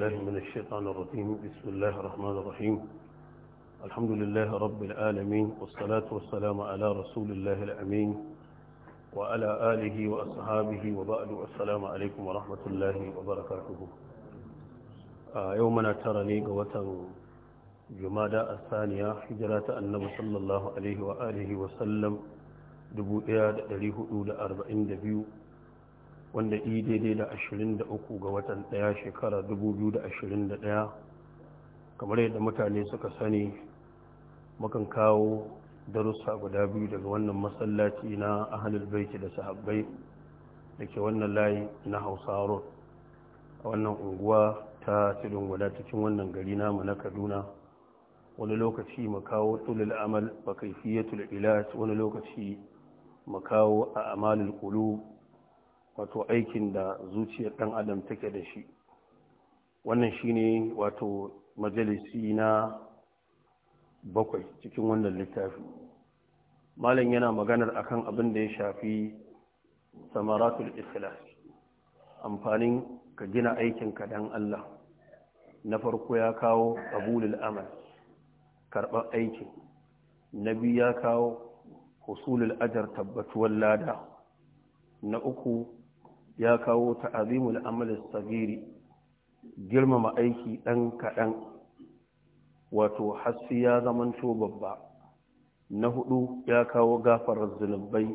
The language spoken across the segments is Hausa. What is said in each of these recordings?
بالله من الشيطان الرجيم بسم الله الرحمن الرحيم الحمد لله رب العالمين والصلاة والسلام على رسول الله الأمين وعلى آله وأصحابه وبعد السلام عليكم ورحمة الله وبركاته يومنا ترني قوة جمادة الثانية حجرة النبي صلى الله عليه وآله وسلم دبو إياد أليه أولى أربعين دبيو wanda yi daidai da 23 ga watan ɗaya shekara 2021 kamar yadda mutane suka sani mukan kawo darussa guda biyu daga wannan masallaci na ahalul baiti da sahabbai da ke wannan layi na hausa road a wannan unguwa ta tudun guda cikin wannan gari namu na kaduna wani lokaci mu kawo tulul amal wa kaifiyatul wani lokaci makawo a amalul kulu. wato aikin da zuciyar ɗan adam take da shi wannan shine wato majalisi na bakwai cikin wannan littafi malam yana maganar akan abin da ya shafi samaratul ikhlas amfanin ka gina aikinka dan Allah na farko ya kawo qabulul amal karɓar aiki. na biyu ya kawo husulul ajar tabbatuwar lada na uku ya kawo ta'azimul amal sabiri girmama aiki ɗan kaɗan wato hassi ya zamanto babba na hudu ya kawo gafarar zunubai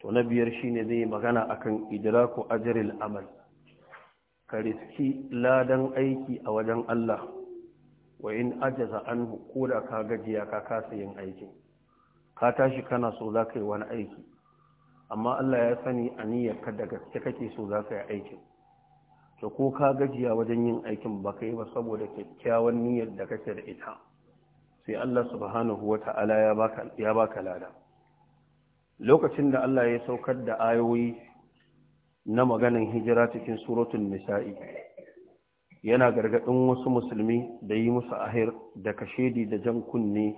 to na biyar shine zai magana akan idraku ajril amal ka riski ladan aiki a wajen Allah wa in ajaza anhu ko da ka gajiya ka kasa yin aikin ka tashi kana so za ka yi wani aiki amma Allah ya sani a niyyarka da gaske kake so za ka yi aikin to ko ka gajiya wajen yin aikin ba ka yi ba saboda kyakkyawan niyyar da kake da ita sai Allah subhanahu wa ta'ala ya baka ya lada lokacin da Allah ya saukar da ayoyi na maganan hijira cikin suratul nisa'i yana gargadin wasu musulmi da yi musu ahir da kashedi da jan kunne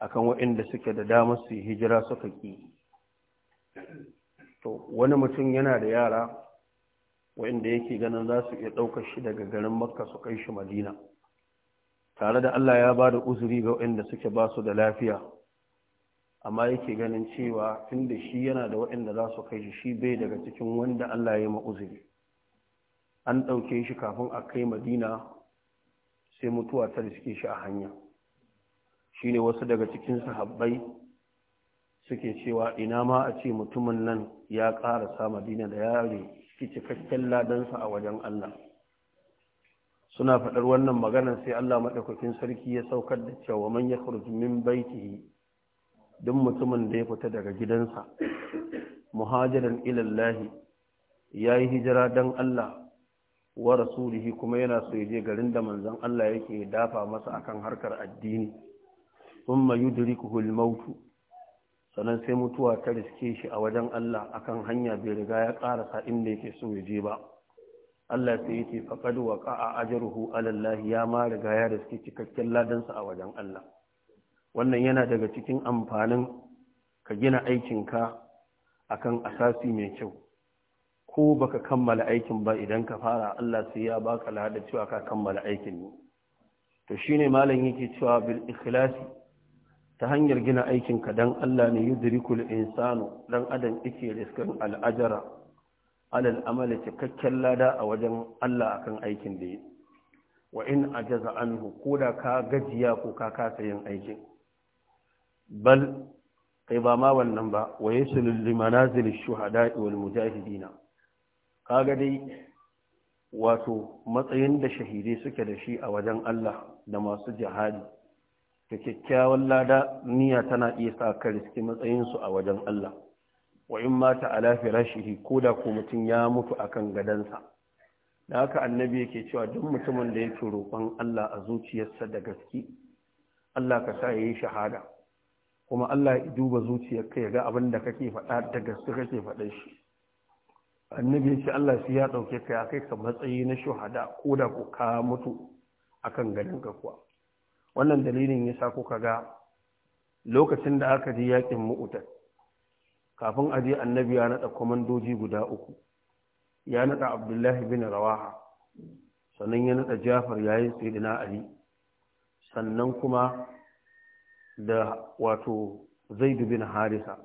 akan waɗanda suke da damar su hijira suka ki to wani mutum yana da yara wa'inda yake ganin za su iya ɗaukar shi daga garin makka su kai shi madina tare da allah ya ba da uzuri ga wa'inda suke ba su da lafiya amma yake ganin cewa tunda shi yana da wa'inda za su kai shi shi bai daga cikin wanda allah ya yi ma'uzuri an ɗauke shi kafin a kai madina sai mutuwa ta riske shi a hanya shi ne wasu daga cikin sahabbai suke cewa ina ma a ce mutumin nan ya ƙara sama dina da yare ki cikakken ladansa a wajen Allah suna faɗar wannan maganar sai Allah maɗaukakin sarki ya saukar da cewa man ya min baitihi duk mutumin da ya fita daga gidansa muhajiran ilallahi ya yi hijira don Allah wa rasulihi kuma yana so ya je garin da manzon Allah yake dafa masa akan harkar addini Umma ma mautu sannan sai mutuwa ta riske shi a wajen Allah akan hanya bai riga ya ƙarasa inda yake so ya je ba Allah sai yake faqad waqa'a ajruhu ala Allah ya ma riga ya riske cikakken ladansa a wajen Allah wannan yana daga cikin amfanin ka gina aikinka akan asasi mai kyau ko baka kammala aikin ba idan ka fara Allah sai ya baka lada cewa ka kammala aikin ne to shine malam yake cewa bil ikhlasi ta hanyar gina aikinka don Allah ne yudrikul insanu dan adam yake riskan al'ajara alal amali cikakken lada a wajen Allah akan aikin da yi wa in ajaza anhu ko da ka gajiya ko ka kasa yin aikin bal kai ba ma wannan ba wa limanazil shuhada'i wal mujahidina ga dai wato matsayin da shahidai suke da shi a wajen Allah da masu jihadi da kyakkyawan lada niyya tana iya sa ka riski matsayinsu a wajen Allah wa in mata ala firashihi ko da ko mutum ya mutu akan gadansa da haka annabi yake cewa duk mutumin da yake roƙon Allah a zuciyarsa da gaske Allah ka sa yayi shahada kuma Allah ya duba zuciyarka ya ga abin kake faɗa da gaske kake faɗa shi annabi ya ce Allah sai ya dauke ka ya kai ka matsayi na shahada ko da ko ka mutu akan gadanka kuwa wannan dalilin ya sa kuka ga lokacin da aka ji yakin mu'utar kafin a je annabi ya naɗa kwamandoji guda uku ya naɗa abdullahi bin rawaha sannan ya naɗa jafar yayin na ali sannan kuma da wato zaidu bin harisa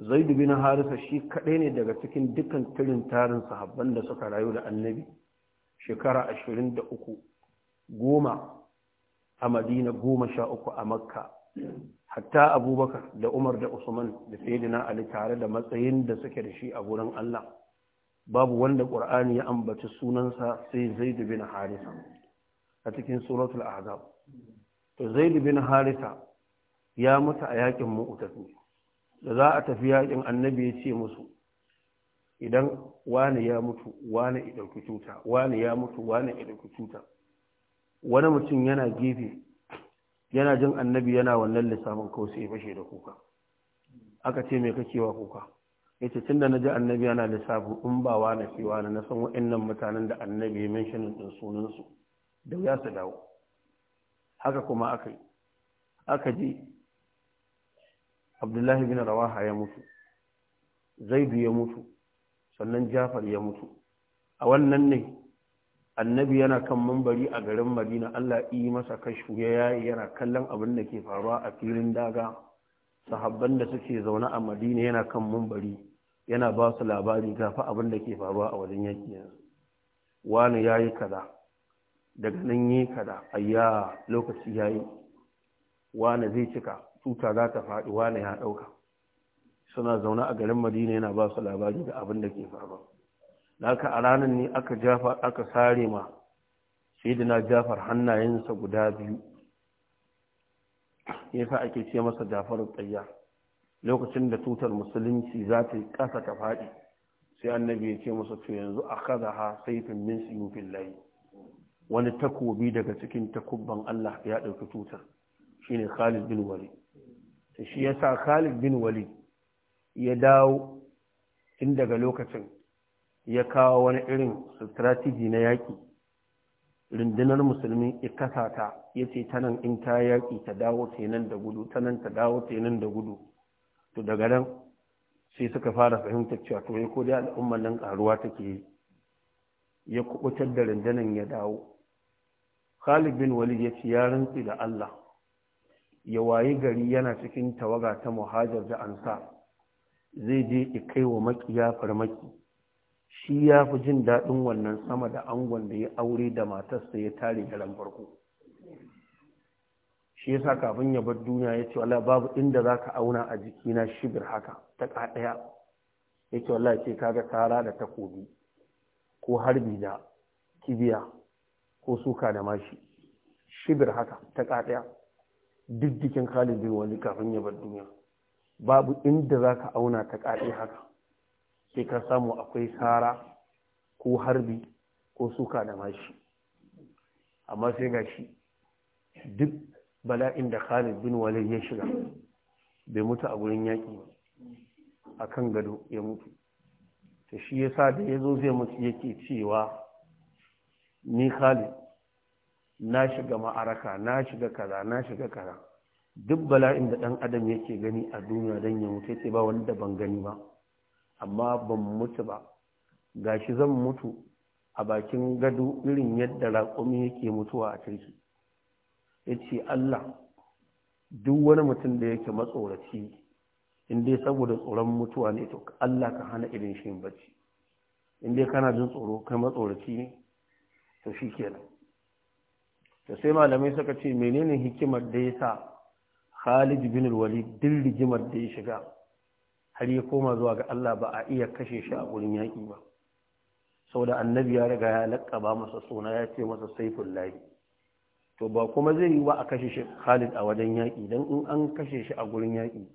zaidu bin harisa shi kaɗai ne daga cikin dukkan tirin tarin sahabban da suka rayu da annabi shekara ashirin da uku goma a madina goma sha uku a makka hatta abubakar da umar da usman da saidina ali tare da matsayin da suke da shi a gurin allah babu wanda ƙur'ani ya ambaci sunansa sai zaidu bin harisa a cikin suratul ahzab to zaidu bin harisa ya mutu a yakin mu'tah da za a tafi yakin annabi ya ce musu idan wani ya mutu wani ya dauki cuta wani ya mutu wani ya dauki cuta wani mutum yana gefe yana jin annabi yana wannan lissafin kawai sai fashe da kuka aka ce mai kakewa kuka ya ce tun da na ji annabi yana lissafi in ba wa na cewa na san wa'annan mutanen da annabi ya menshinin ɗin sunansu da ya su dawo haka kuma aka yi aka ji abdullahi bin rawaha ya mutu zaidu ya mutu sannan jafar ya mutu a wannan ne annabi yana kan mambari a garin madina allah yi masa kashu ya yayi yana kallon abin da ke faruwa a filin daga sahabban da suke zaune a madina yana kan mambari yana ba su labari gafi abin da ke faruwa a wajen yaki yanzu wani ya yi kada. daga nan yi a ya lokaci ya yi wani zai cika tuta za ta faɗi wani ya ɗauka suna zaune a garin madina yana ba su labari da abin da ke faruwa da a ranar ne aka jafa aka sare ma sai da na jafar hannayensa guda biyu yasa ake ce masa jafar tsayya lokacin da tutar musulunci za ta yi ƙasa ta faɗi sai annabi ya ce masa to yanzu a kaza ha saifin min siyufin layi wani takobi daga cikin takubban Allah ya ɗauki tutar shine Khalid bin Wali shi sa Khalid bin Wali ya dawo tun daga lokacin ya kawo wani irin strategy na yaƙi rundunar musulmi ya kasa ta ya ce ta nan in ta yaƙi ta dawo ta nan da gudu ta nan ta dawo ta nan da gudu to daga nan sai suka fara fahimtar cewa to ya kodai al'ummar nan karuwa take yi ya kubutar da rundunar ya dawo Khalid bin Walid ya ce ya rantsi da Allah ya wayi gari yana cikin tawaga ta muhajar da ansa zai je ya kai wa makiya farmaki shi ya fi jin daɗin wannan sama da angon da ya aure da matarsa ya tare da ran farko shi sa kafin ya bar duniya ya ce wala babu inda za ka auna a jikina shibir haka ta ƙaɗaya ya ce wala ce ga tara da takobi ko harbi da kibiya ko suka da mashi shibir haka ta ƙaɗaya duk jikin khalid bin wani kafin ya bar duniya babu inda za ka auna ta ƙaɗe haka sai ka samu akwai sara ko harbi ko suka da mashi amma sai ga shi duk bala'in da khalid bin walid ya shiga bai mutu a gurin yaƙi a kan gado ya mutu ta shi ya sa da ya zo zai mutu yake cewa ni khalid na shiga ma'araka na shiga kaza na shiga kaza duk bala'in da ɗan adam yake gani a duniya don ya mutu ya ce ba wanda ban gani ba amma ban mutu ba ga shi zan mutu a bakin gado irin yadda raƙumi yake mutuwa a turki ya ce Allah duk wani mutum da yake matsoraci inda saboda tsoron mutuwa ne to Allah ka hana irin shi bacci inda kana jin tsoro kai matsoraci ne to shi kenan Ta sai malamai suka ce menene hikimar da ya sa Khalid bin Walid din rigimar da ya shiga har ya koma zuwa ga Allah ba a iya kashe shi a wurin yaƙi ba Sau da annabi ya riga ya laƙaba masa suna ya ce masa saifin layi to ba kuma zai yi ba a kashe shi Khalid a wajen yaƙi don in an kashe shi a gurin yaƙi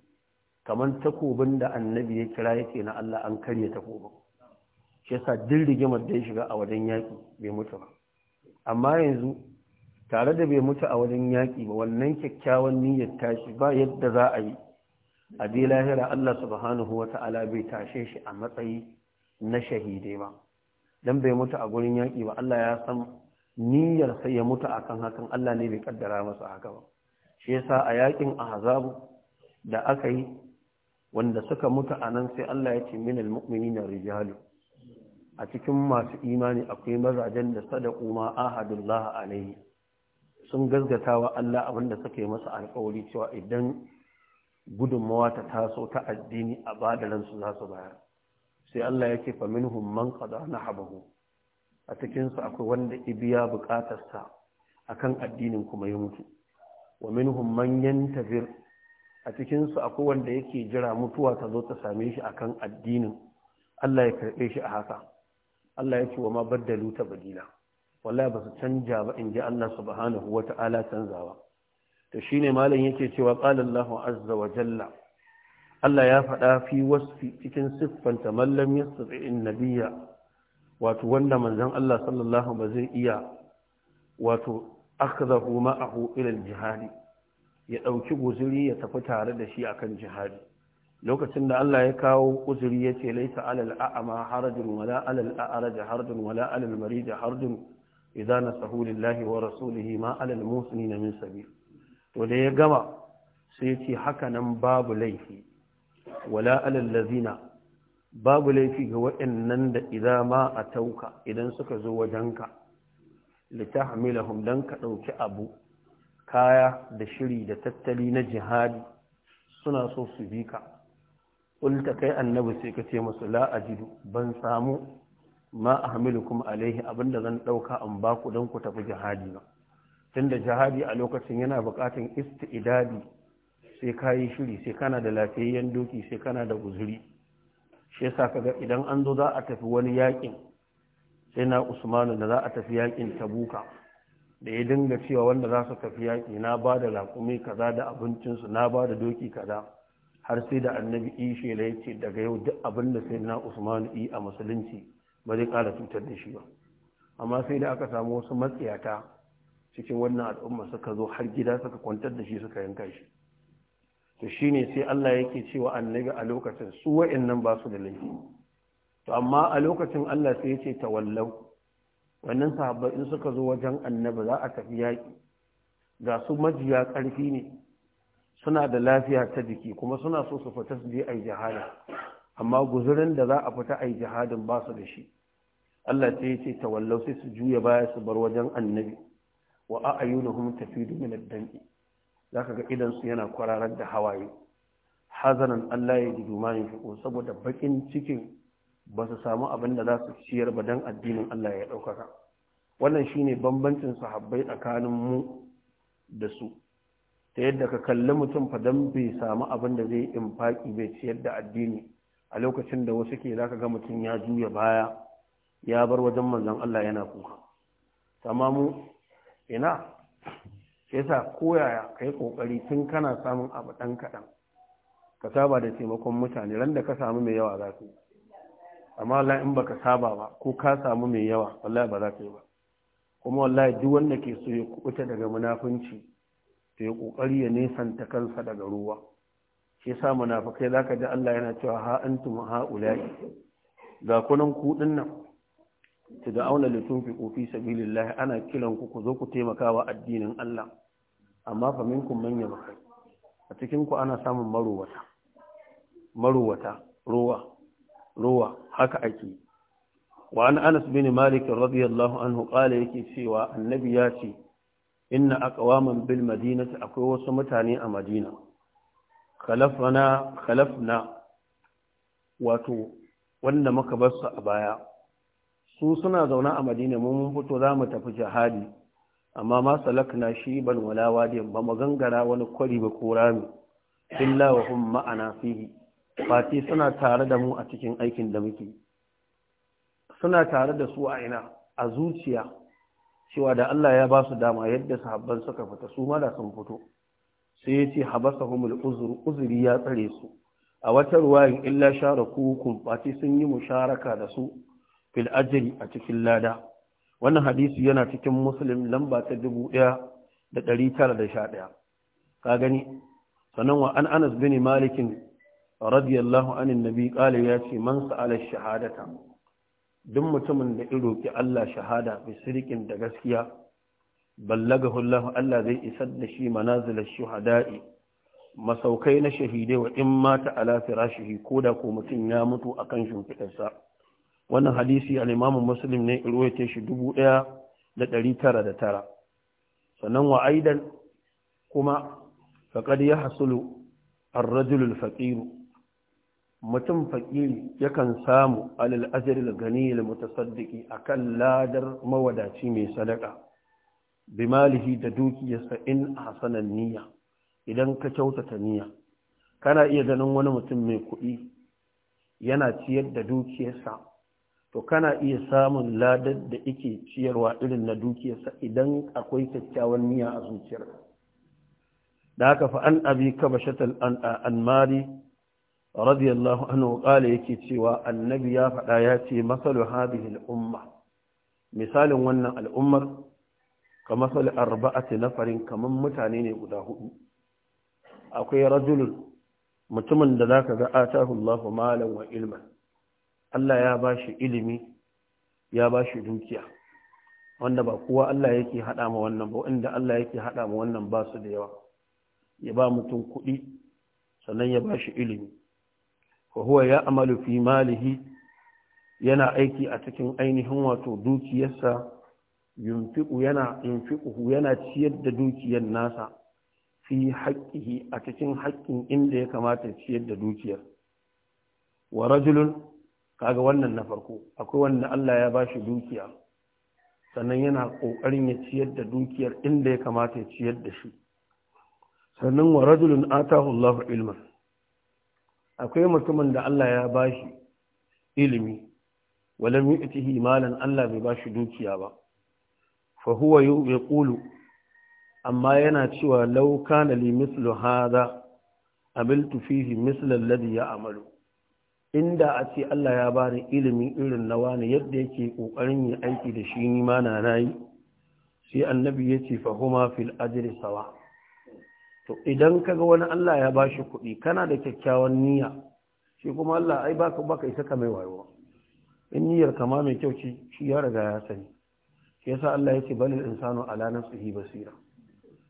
kamar takobin da annabi ya kira yake na Allah an karye takobin shi yasa duk rigimar da ya shiga a wajen yaƙi bai mutu ba amma yanzu tare da bai mutu a wajen yaƙi ba wannan kyakkyawan niyyar tashi ba yadda za a yi a je lahira Allah subhanahu wa ta'ala bai tashe shi a matsayi na shahidai ba dan bai mutu a gurin yaki ba Allah ya san niyyar sai ya mutu akan hakan Allah ne bai kaddara masa haka ba shi yasa a yakin ahzabu da aka yi wanda suka mutu a nan sai Allah ya ce minal na rijalu a cikin masu imani akwai mazajen da sadaku ma ahadullah alaihi sun gazgata wa Allah abinda suka yi masa alƙawari cewa idan gudunmawa ta taso ta addini a badaransu za su bayar sai Allah ya ce fa minhum man habahu nahabahu a cikinsu akwai wanda ibiya bukatarsa akan addinin kuma ya mutu wa minhum man yantazir a cikinsu akwai wanda yake jira mutuwa ta zo ta same shi akan addinin Allah ya karɓe shi a haka Allah ya ce wa ma baddalu tabdila wallahi ba su canja ba in ji Allah subhanahu wata'ala canzawa to shine malam yake cewa qala Allahu azza wa jalla Allah ya faɗa fi wasfi cikin siffanta mallam yastati'in nabiyya wato wanda manzon Allah sallallahu ba zai iya wato akhadahu ma'ahu ila jihadi ya ɗauki guziri ya tafi tare da shi akan jihadi lokacin da Allah ya kawo uzuri ya ce laisa alal a'ama harajun wala alal a'raj harajun wala alal marij harajun idza nasahu lillahi wa rasulihi ma alal muslimin min sabil to da ya gama sai ce haka nan babu laifi wala alallazina babu laifi ga waɗannan da idan ma a tauka idan suka zo wajenka litahmilahum dan ka ɗauki abu kaya da shiri da tattali na jihadi suna so su bi ka ulta kai annabi sai ka ce musu la ajidu ban samu ma ahmilukum alaihi abinda zan ɗauka an ba ku don ku tafi jihadi ba tunda jihadi a lokacin yana buƙatar isti'idadi sai ka yi shiri sai kana da lafiyayyen doki sai kana da guzuri shi yasa kaga idan an zo za a tafi wani yakin sai na usmanu da za a tafi yakin tabuka da ya dinga cewa wanda za su tafi yaki na ba da laƙumi kaza da abincinsu na ba da doki kaza har sai da annabi ishe da ya ce daga yau duk abin da sai na usmanu i a musulunci ba zai ƙara cutar da shi ba amma sai da aka samu wasu matsiyata cikin wannan al'umma suka zo har gida suka kwantar da shi suka yanka shi to shine sai Allah yake cewa annabi a lokacin su wa'annan ba su da laifi to amma a lokacin Allah sai ya ce tawallau wannan sahabbai in suka zo wajen annabi za a tafi yaki. ga su majiya ƙarfi ne suna da lafiya ta jiki kuma suna so su fita su je a yi jihada amma guzurin da za a fita a yi jihadin ba su da shi Allah sai ya ce tawallau sai su juya baya su bar wajen annabi wa a'yunuhum tafidu min ad-dam'i zaka ga idan su yana kwararar da hawaye hazanan Allah ya jidu ma yafiqu saboda bakin cikin ba su samu abin da za su ciyar ba dan addinin Allah ya ɗaukaka. wannan shine bambancin sahabbai tsakanin mu da su ta yadda ka kalli mutum fa dan bai samu abin da zai infaki bai ciyar da addini a lokacin da wasu ke zaka ga mutum ya juya baya ya bar wajen manzon Allah yana kuka amma mu ina shi yasa koyaya ka yi ƙoƙari tun kana samun abu ɗan kaɗan ka saba da taimakon mutane ran da ka samu mai yawa za ka yi amma wallahi in baka saba ba ko ka samu mai yawa wallahi ba za ka yi ba kuma wallahi duk wanda ke so ya kuɓuta daga munafunci to ya kokari ya nesanta kansa daga ruwa shi yasa za zaka ji Allah yana cewa ha antum haula'i ga kunan ku dinnan tad'auna tun fi sabilillah ana kiran ku ku zo ku taimaka wa addinin Allah amma fa minkum man yabqa a cikin ku ana samun maruwata maruwata ruwa ruwa haka ake wa an Anas bin Malik radiyallahu anhu qala yake cewa annabi ya ce inna aqwaman bil madinati akwai wasu mutane a Madina khalafna khalafna wato wanda muka bar su a baya su suna zaune a madina mun fito za mu tafi jihadi amma ma salakna shi ban wala wadi ba mu gangara wani kwari ba ko rami illa wa hum ma'ana fihi fati suna tare da mu a cikin aikin da muke suna tare da su a ina a zuciya cewa da Allah ya ba su dama yadda sahabban suka fita su ma da sun fito sai ya ce habasahumul uzru uzri ya tsare su a wata ruwayin illa sharakukum fati sun yi musharaka da su fil ajri a cikin lada wannan hadisi yana cikin muslim lamba ta da da ɗari tara ɗaya. ka gani sannan wa an anas bin malikin, radiyallahu anin nabi qala ya ce man sa'ala shahadata duk mutumin da ya ki Allah shahada bi da gaskiya ballagahu Allah Allah zai isar da shi manazil shuhada'i masaukai na shahidai wa in mata ala firashihi koda ko mutum ya mutu akan shimfidarsa wannan hadisi al'imamun muslim ne ruwaita shi dubu ɗaya da ɗari tara da tara sannan wa aidan kuma faƙad ya hasulu arrajulul faƙiru mutum faƙiri yakan samu gani da mutasaddiki a kan ladar mawadaci mai sadaka bimalihi da dukiyarsa in hasanan niyya idan ka kyautata niyya kana iya ganin wani mutum mai kuɗi yana ciyar da dukiyarsa to kana iya samun ladar da ike ciyarwa irin na dukiyarsa idan akwai kyakkyawan niyya a zuciyar da haka fa an abi kabashat al-anmari radiyallahu anhu qala yake cewa annabi ya faɗa ya ce masalu hadhihi al-umma misalin wannan al'ummar ka masal arba'ati nafarin kaman mutane ne guda hudu akwai rajulun mutumin da zaka ga atahu Allahu malan wa ilman Allah ya ba shi ilimi ya ba shi dukiya wanda ba kowa Allah yake haɗa ma wannan ba inda Allah yake haɗa ma wannan ba su da yawa ya ba mutum kuɗi sannan ya ba shi ilimi wa ya amalu fi malihi yana aiki a cikin ainihin wato dukiyarsa yunfiqu yana yana ciyar da dukiyar nasa fi haqqihi a cikin haƙƙin inda ya kamata ciyar da dukiyar wa rajulun kaga wannan na farko akwai wanda Allah ya bashi dukiya sannan yana kokarin ya ciyar da dukiyar inda ya kamata ya ciyar da shi sannan wa rajulun atahu Allahu ilman akwai mutumin da Allah ya bashi ilimi walam yu'tihi malan Allah bai bashi dukiya ba fa huwa yaqulu amma yana cewa law kana li mithlu hadha abiltu fihi mithla alladhi ya'malu inda a ce Allah ya bani ilimi irin na wani yadda yake kokarin yin aiki da shi ni ma na nayi sai annabi ya ce fa huma fil ajri sawa to idan kaga wani Allah ya bashi kuɗi kana da kyakkyawan niyya shi kuma Allah ai baka baka isa ka mai wayo in niyyar kama mai kyau ce shi ya riga ya sani shi yasa Allah ya ce balil insanu ala nafsihi basira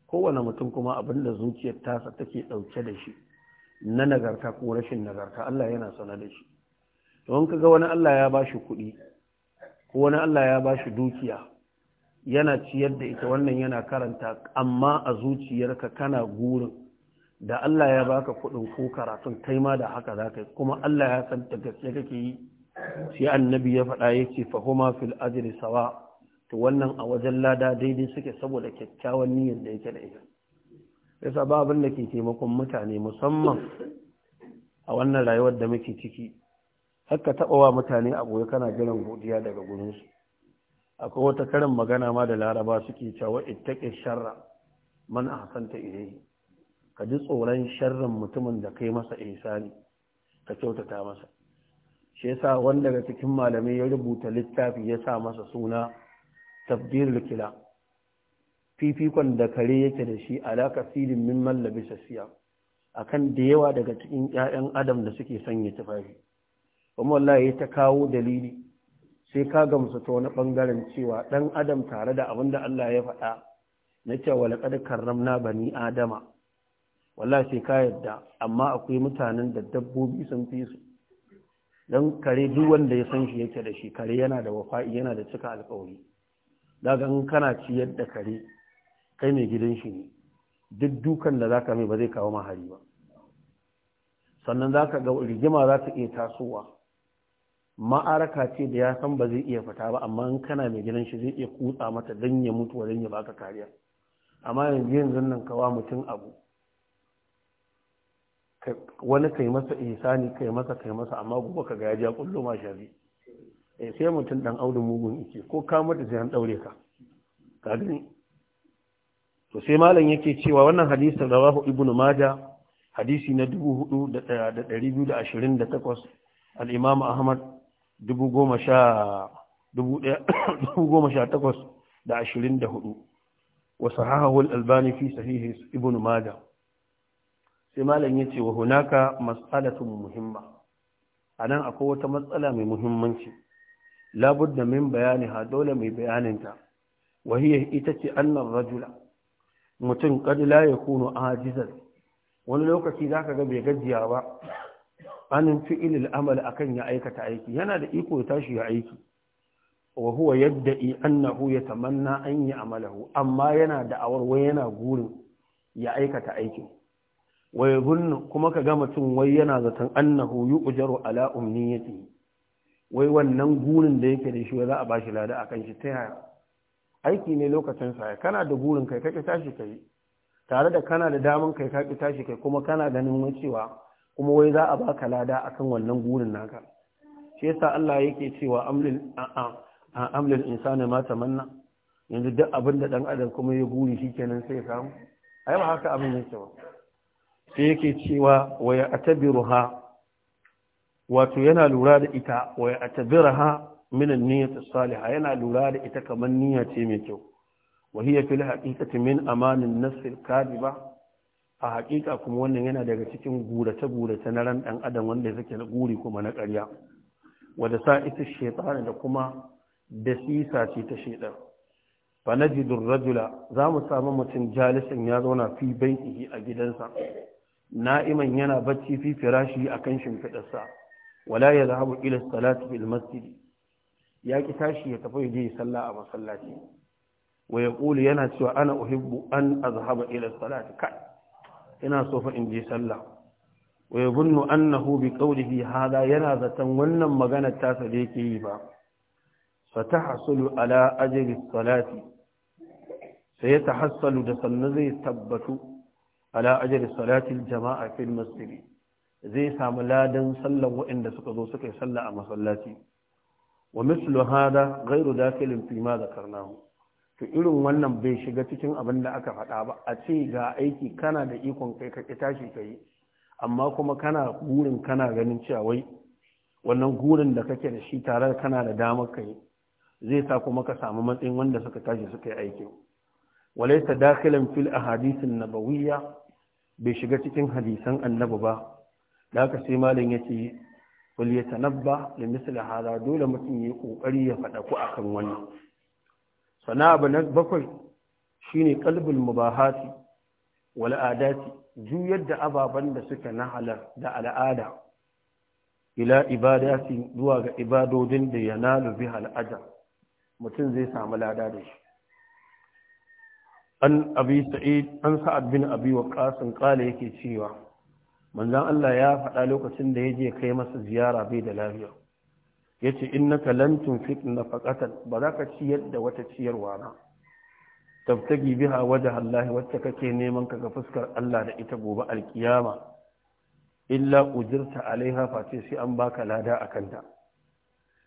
kowane mutum kuma abinda zuciyar tasa take dauke da shi na nagarta ko rashin nagarta Allah yana sana da shi To in ga wani Allah ya ba shi kuɗi ko wani Allah ya ba shi dukiya yana ciyar da ita wannan yana karanta amma a zuciyarka kana gurin da Allah ya baka kuɗin ko karatun kai ma da haka za ka kuma Allah ya san daga gaske kake yi sai annabi ya faɗa ya ce huma fil ajri sawa to wannan a wajen lada daidai suke saboda kyakkyawan niyyar da yake da ita yasa ba abin da ke taimakon mutane musamman a wannan rayuwar da muke ciki haka taɓa wa mutane a goyi kana jiran godiya daga gurinsu akwai wata karin magana ma da laraba suke cewa ittaqi sharra man ahsanta ilayhi ka ji tsoron sharrin mutumin da kai masa ihsani ka kyautata masa shi yasa wanda daga cikin malamai ya rubuta littafi ya sa masa suna tabdirul kila fifikon da kare yake da shi alaka filin min mallabi sassiya akan da yawa daga cikin 'ya'yan adam da suke sanya tufafi kuma wallahi ta kawo dalili sai ka gamsu ta wani ɓangaren cewa ɗan adam tare da abin da Allah ya faɗa na cewa karram karramna bani adama wallahi sai ka yadda amma akwai mutanen da dabbobi sun fi su Don kare duk wanda ya san shi yake da shi kare yana da wafa'i yana da cika alƙawari daga in kana ciyar da kare kai mai gidan shi ne duk dukan da zaka mai ba zai kawo mahari ba sannan za ka ga rigima za ta iya tasowa ma'araka ce da ya san ba zai iya fita ba amma in kana mai gidan shi zai iya kutsa mata don ya mutu wa don ya baka kariya amma yanzu yanzu nan kawa mutum abu wani kai masa ihsani kai masa kai masa amma gobe ka ga ya ja kullu ma shari eh sai mutum dan Audu mugun yake ko ka mata sai an daure ka ka gani to sai malam yake cewa wannan hadisin rawahu ibnu maja hadisi na 4228 al-imam ahmad 1018 wa sahahu al-albani fi sahih ibnu maja sai malam yace wa hunaka mas'alatun muhimma anan akwai wata matsala mai muhimmanci labudda min ha dole mai bayanin bayaninta ita ce annar rajula. mutum kadila ya kunu ajizan wani lokaci zaka ga bai gajiya ba anin ilil amal akan ya aikata aiki yana da iko ya tashi ya aiki wa huwa I annahu tamanna an yi amalahu amma yana da awarwai yana gurin ya aikata aikin wa yadhunnu kuma ka gama mutum wai yana zaton annahu yu'jaru ala umniyati wai wannan gurin da yake da shi za a ba shi lada a akan shi ta yaya aiki ne lokacin sa kana da burin kai kake tashi kai tare da kana da damar kai kake tashi kai kuma kana ganin wai cewa kuma wai za a baka lada akan wannan burin naka shi yasa Allah yake cewa amlil a'a amlil insani ma tamanna yanzu duk abin da dan adam kuma ya guri shikenan sai ya samu ai ba haka abin yake ba sai yake cewa waya atabiruha wato yana lura da ita waya atabiruha Minan an-niyyat as-salihah yana lura da ita kamar niyya ce mai kyau wa ya fil haqiqati min amanin nafs al-kadiba a haƙiƙa kuma wannan yana daga cikin gurace gurace na ran ɗan adam wanda yake na guri kuma na ƙarya wa sa sa'ita shaytan da kuma dasisa sisa ce ta shaytan fa najidu ar-rajula za mu samu mutum jalisin ya zauna fi baitihi a gidansa na'iman yana bacci fi firashi akan shimfidarsa wala ya zahabu ila salati fil masjidi ya ki tashi ya tafi ya je sallah a masallaci wa ya ƙuli yana cewa ana uhibbu an azhaba ila salati kai ina so fa in je sallah wa ya bunnu annahu bi qawlihi hada yana zaton wannan magana ta sa da yake yi ba fatahsulu ala ajli salati sai ya tahassalu da sannan zai tabbatu ala ajli salati jama'a fil masjid zai samu ladan sallan waɗanda suka zo suka yi sallah a masallaci wa mislu hada ghairu dakilin fi ma zakarnahu to irin wannan bai shiga cikin abin da aka faɗa ba a ce ga aiki kana da ikon kai ka tashi ka yi amma kuma kana gurin kana ganin cewa wai wannan gurin da kake da shi tare kana da damar ka zai sa kuma ka samu matsayin wanda suka tashi suka yi aikin walaita dakilan fil ahadithin nabawiyya bai shiga cikin hadisan annabi ba da haka sai malam yace wal yatanabba li misli hada dole mutum yi ƙoƙari ya fada ku akan wannan sana abu na bakwai shine qalbul mubahati wal adati juyar da ababan da suka na halar da al'ada ila ibadati zuwa ga ibadodin da yanalu bi ajr mutum zai samu lada da shi an abi sa'id an sa'ad bin abi waqas qala yake cewa manzan Allah ya faɗa lokacin da ya je kai masa ziyara bai da lafiya ya ce kalantun lan na nafaqatan ba za ka ciyar da wata ciyarwa na tabtagi biha wajen Allah wacce kake neman ka ga fuskar Allah da ita gobe alkiyama illa ujirta alaiha face sai an baka lada a kanta.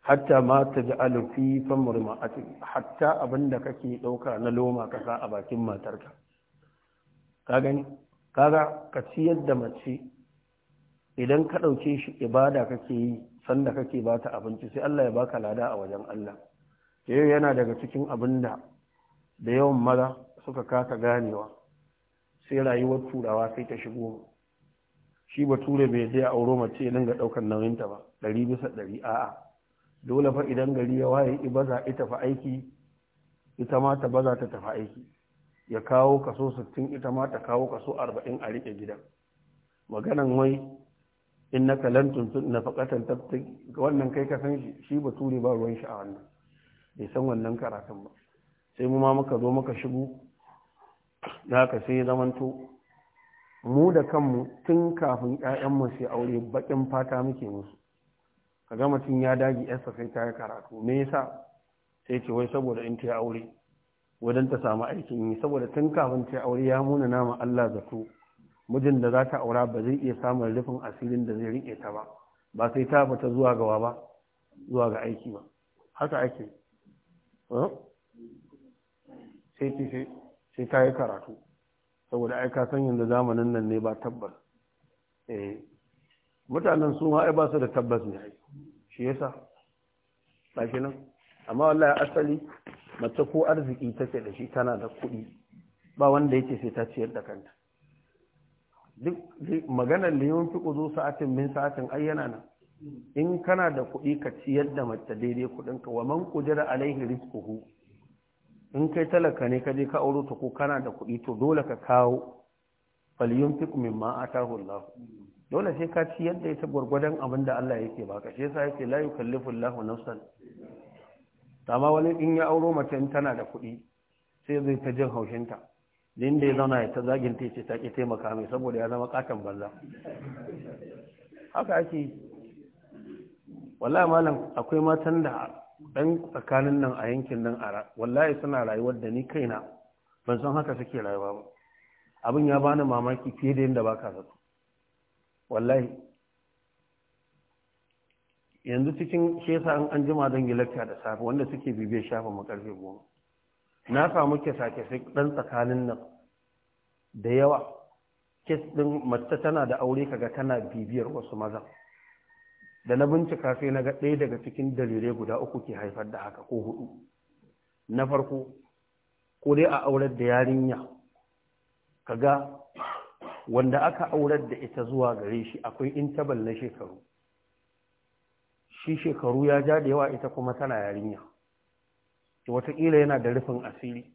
hatta ma ta ji alufi famar ma'atin hatta abin da kake ɗauka na loma kasa a bakin matarka ka gani kaga ka ciyar da mace idan ka ɗauke shi ibada kake yi sanda kake ba ta abinci sai Allah ya baka lada a wajen Allah yau yana daga cikin abin da da yawan maza suka kasa ganewa sai rayuwar turawa sai ta shigo shi bature bai je auro mace nan ga nauyin ta ba ɗari bisa ɗari a'a dole fa idan gari ya waye ibaza ita fa aiki ita ma ta baza ta tafi aiki ya kawo kaso 60 ita ma ta kawo kaso 40 a rike gidan maganan wai In innaka na tuntun nafaqatan ga wannan kai ka san shi bature ba ruwan shi a wannan bai san wannan karatun ba sai mu ma muka zo muka shigo da haka sai ya zamanto mu da kanmu tun kafin mu sai aure bakin fata muke musu kaga mutum ya dage yarsa sai ta yi karatu me yasa sai ce wai saboda in ta yi aure wajen ta samu aikin yi saboda tun kafin ta yi aure ya muna nama Allah zato mijin da za ta aura ba zai iya samun rufin asirin da zai riƙe ta ba ba sai ta bata zuwa gawa ba zuwa ga aiki ba haka ake sai ta yi karatu saboda aika san yanzu zamanin nan ne ba tabbas eh, mutanen sun haɗe ba su da tabbas ne shi yasa shi nan amma wallahi asali mace ko arziki take da shi tana da kuɗi ba wanda yake sai ta ciyar da kanta duk maganar da yawan fi ƙuzo sa'atin min sa'atin ai yana nan in kana da kuɗi ka ciyar da mace daidai kuɗin ka wa man kujira alaihi rizquhu in kai talaka ne ka je ka auro ta ko kana da kuɗi to dole ka kawo falyunfiq mimma atahu Allah dole sai ka ciyar da ita gwargwadon abin da Allah yake baka shi yasa yake la yukallifu nafsan wani in ya auro mace in tana da kuɗi sai zai ta jin haushinta da ya zauna ya ta zagin ta ce ta ƙi taimaka mai saboda ya zama katon banza haka ake wallahi malam akwai matan da ɗan tsakanin nan a yankin nan a wallahi suna rayuwar da ni kaina ban san haka suke rayuwa ba abin ya bani mamaki fiye da yadda baka zato wallahi yanzu cikin shesa an jima don yi da safe wanda suke bibiyar shafin makarfe goma na samu kyasa kesa ɗan tsakanin nan da yawa kes ɗin mace tana da aure kaga tana bibiyar wasu maza da na bincika sai na ga ɗaya daga cikin dalilai guda uku ke haifar da haka ko hudu na farko ko dai a aurar da yarinya kaga wanda aka aurar da ita zuwa gare shi akwai intabal na shekaru shi shekaru ya ja da yawa ita kuma tana yarinya watakila wataƙila yana da rufin asiri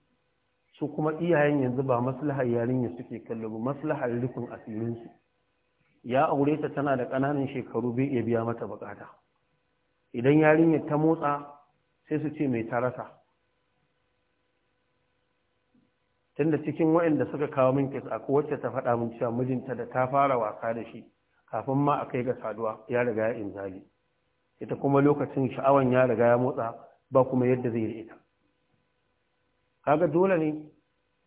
su kuma iyayen yanzu ba maslahar yarinya suke kallo ba maslahar rufin asirinsu ya aure ta tana da ƙananan shekaru bai iya biya mata bukata idan yarinyar ta motsa sai su ce mai tarasa tunda cikin waɗanda suka kawo min kes a wacce ta faɗa min cewa mijinta da ta fara wasa da shi kafin ma a kai ga saduwa ya riga ya inzali ita kuma lokacin sha'awan ya riga ya motsa ba kuma yadda zai yi ita kaga dole ne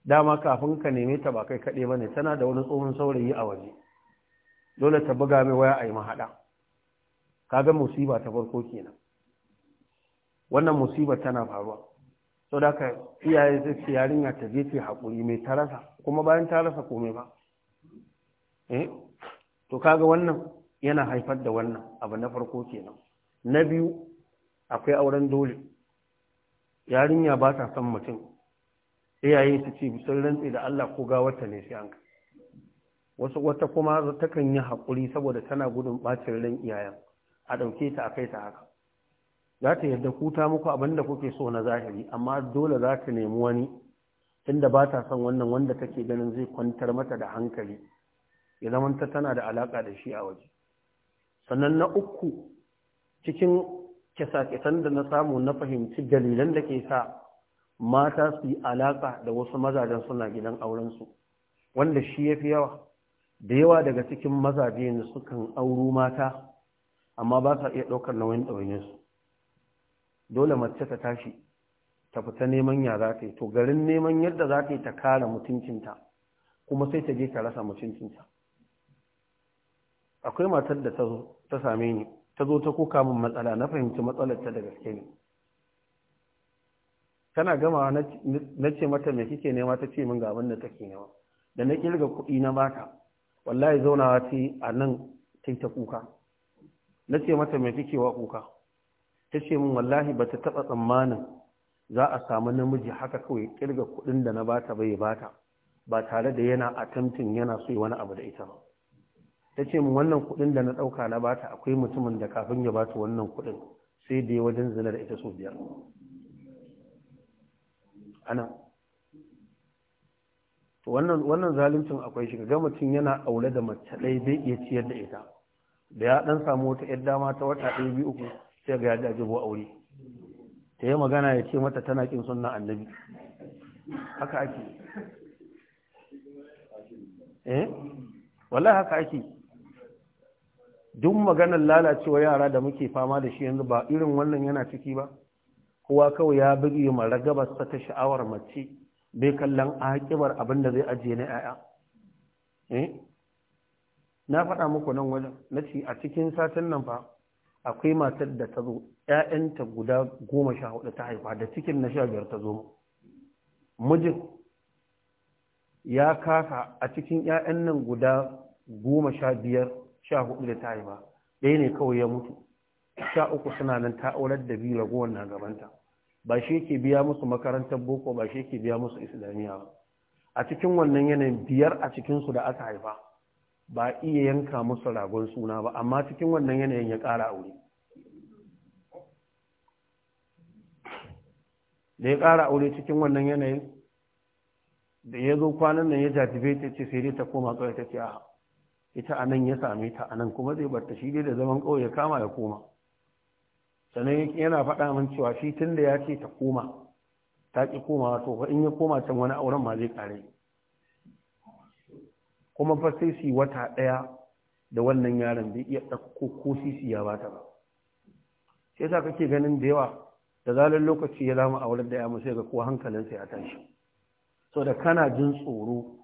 dama kafin ka neme ta ba kai kaɗai ba ne tana da wani tsohon saurayi a waje dole ta buga mai waya a yi mahaɗa kaga musiba ta farko kenan wannan musiba tana faruwa sau da ka iyaye zai ce yarinya ta je ce haƙuri mai ta kuma bayan ta komai ba eh to kaga wannan yana haifar da wannan abu na farko kenan na biyu akwai auren dole yarinya ba ta son mutum iyaye su ce sun rantsi da Allah ko ga wata ne sai an ka wasu wata kuma takan yi haƙuri saboda tana gudun ɓacin ran iyayen a ɗauke ta a kai ta haka za ta yadda kuta muku abin da kuke so na zahiri amma dole za ta nemi wani inda ba ta son wannan wanda take ganin zai kwantar mata da hankali ya zamanta tana da alaƙa da shi a waje sannan na uku cikin kisa-kisan da na samu na fahimci dalilan da ke sa mata su yi alaƙa da wasu mazajen suna gidan aurensu wanda shi ya fi yawa da yawa daga cikin mazaje ne sukan auru mata amma ba sa iya ɗaukar nauyin ɗauyinsu dole mace ta tashi ta fita neman ya za ta yi to garin neman yadda za ta yi ta kare mutuncinta kuma sai ta je ta rasa mutuncinta akwai matar da ta same ni ta zo ta koka min matsala na fahimci matsalar ta da gaske ne tana gama na ce mata "Mai kike nema ta ce min ga abin da take nema da na kirga kuɗi na bata wallahi zaunawa ce a nan ta ta kuka na ce mata "Mai kike wa kuka ta ce min wallahi ba ta taɓa tsammanin za a samu namiji haka kawai kirga kuɗin da na bata bai bata ba tare da yana a atamtin yana so wani abu da ita ba ta ce mu wannan kuɗin da na ɗauka na bata akwai mutumin da kafin ya bata wannan kuɗin sai da wajen zina da ita so biyar ana wannan wannan zaluncin akwai shi ga mutum yana aure da mace ɗaya bai iya ciyar da ita da ya ɗan samu wata 'yar dama ta wata ɗaya biyu uku sai ga ya jajibo aure ta yi magana ya ce mata tana kin sunna annabi haka ake eh wallahi haka ake duk maganar lalacewa yara da muke fama da shi yanzu ba irin wannan yana ciki ba kowa kawai ya bugi ma ragabarsa ta sha'awar mace bai kallon akibar abin da zai ajiye na 'ya'ya eh? na faɗa muku nan wajen na ce a cikin satin nan fa akwai matar da ta zo 'ya'yanta guda goma sha hudu ta haifa da cikin na sha biyar ta zo mijin ya kasa a cikin 'ya'yan nan guda goma sha biyar sha hudu da ta haifa ɗaya ne kawai ya mutu sha uku suna nan ta da biyu ragowar na gabanta ba shi yake biya musu makarantar boko ba shi yake biya musu islamiyya ba a cikin wannan yanayin biyar a cikinsu da aka haifa ba iya yanka musu ragon suna ba amma cikin wannan yanayin ya ƙara aure da ya ƙara aure cikin wannan yanayin da ya zo kwanan nan ya jajibe ta ce sai dai ta koma kawai ta ce a ita a nan ya same ta a nan kuma zai barta shi dai da zaman ƙauye ya kama ya koma sannan yana faɗa min cewa shi tun da ya ce ta koma ta ƙi komawa to fa in ya koma can wani auren ma zai ƙare kuma fa sai su wata ɗaya da wannan yaron bai iya ɗauko ko sisi ya bata ba sai sa kake ganin da yawa da zalar lokaci ya zama aurar da ya mu sai ga ko hankalinsa ya tashi so da kana jin tsoro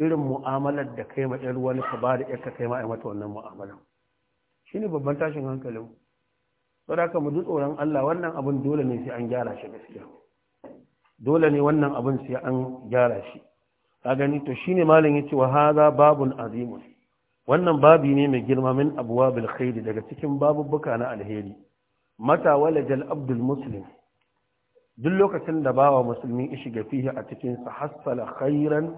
irin mu'amalar da kai ma wani ka ba da ka kai ma mata wannan mu'amalar ne babban tashin hankalin don haka mu ji tsoron Allah wannan abin dole ne sai an gyara shi gaskiya dole ne wannan abin sai an gyara shi ka gani to ne malam yace wa haza babun azimun wannan babi ne mai girma min abwabil khairi daga cikin babubbuka na alheri mata walajal abdul muslim duk lokacin da bawa musulmi ya shiga fihi a cikin sa hasala khairan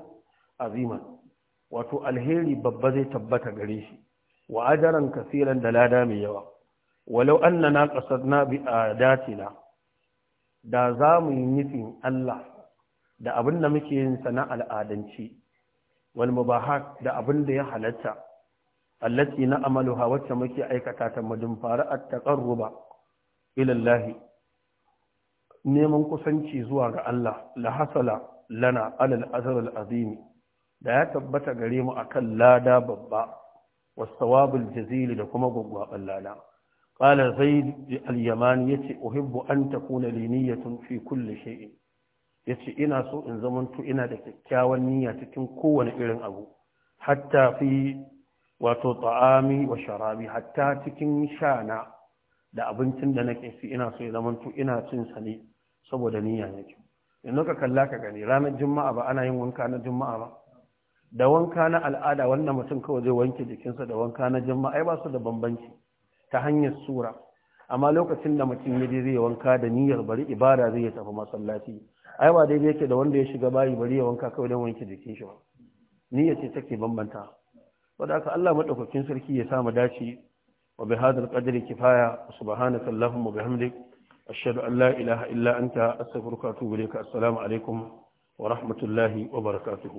wato alheri babba zai tabbata gare shi wa ajaran kasiran da lada mai yawa walau annana qasadna bi adatina da za mu yi nufin Allah da abin da muke yin sana al'adanci wal mubahat da abin da ya halatta allati na amaluha wacce muke aikata ta mudin fara at-taqarruba ila Allah neman kusanci zuwa ga Allah la hasala lana alal azr al azimi da ya tabbata gare mu akan lada babba wasawabul jazili da kuma gwaggwaban lada qala zaid al-yamani yace uhibbu an takuna li niyyatun fi kulli shay'in yace ina so in zamanto ina da kyakkyawan niyya cikin kowane irin abu hatta fi wato ta'ami wa sharabi hatta cikin shana da abincin da nake si ina so ya zamanto ina cin sa ne saboda niyya nake in ka kalla ka gani ranar juma'a ba ana yin wanka na juma'a ba da wanka na al'ada wannan mutum kawai zai wanke jikinsa da wanka na jimma ai ba su da bambanci ta hanyar sura amma lokacin da mutum ya je zai wanka da niyyar bari ibada zai tafi masallaci ai ba daidai yake da wanda ya shiga bayi bari ya wanka kawai don wanke jikin shi ba niyya ce take bambanta wanda aka Allah madaukakin sarki ya samu dace wa bi hadal qadri kifaya subhanaka allahumma bihamdik ashhadu an la ilaha illa anta astaghfiruka wa atubu ilaik assalamu alaikum wa rahmatullahi wa barakatuh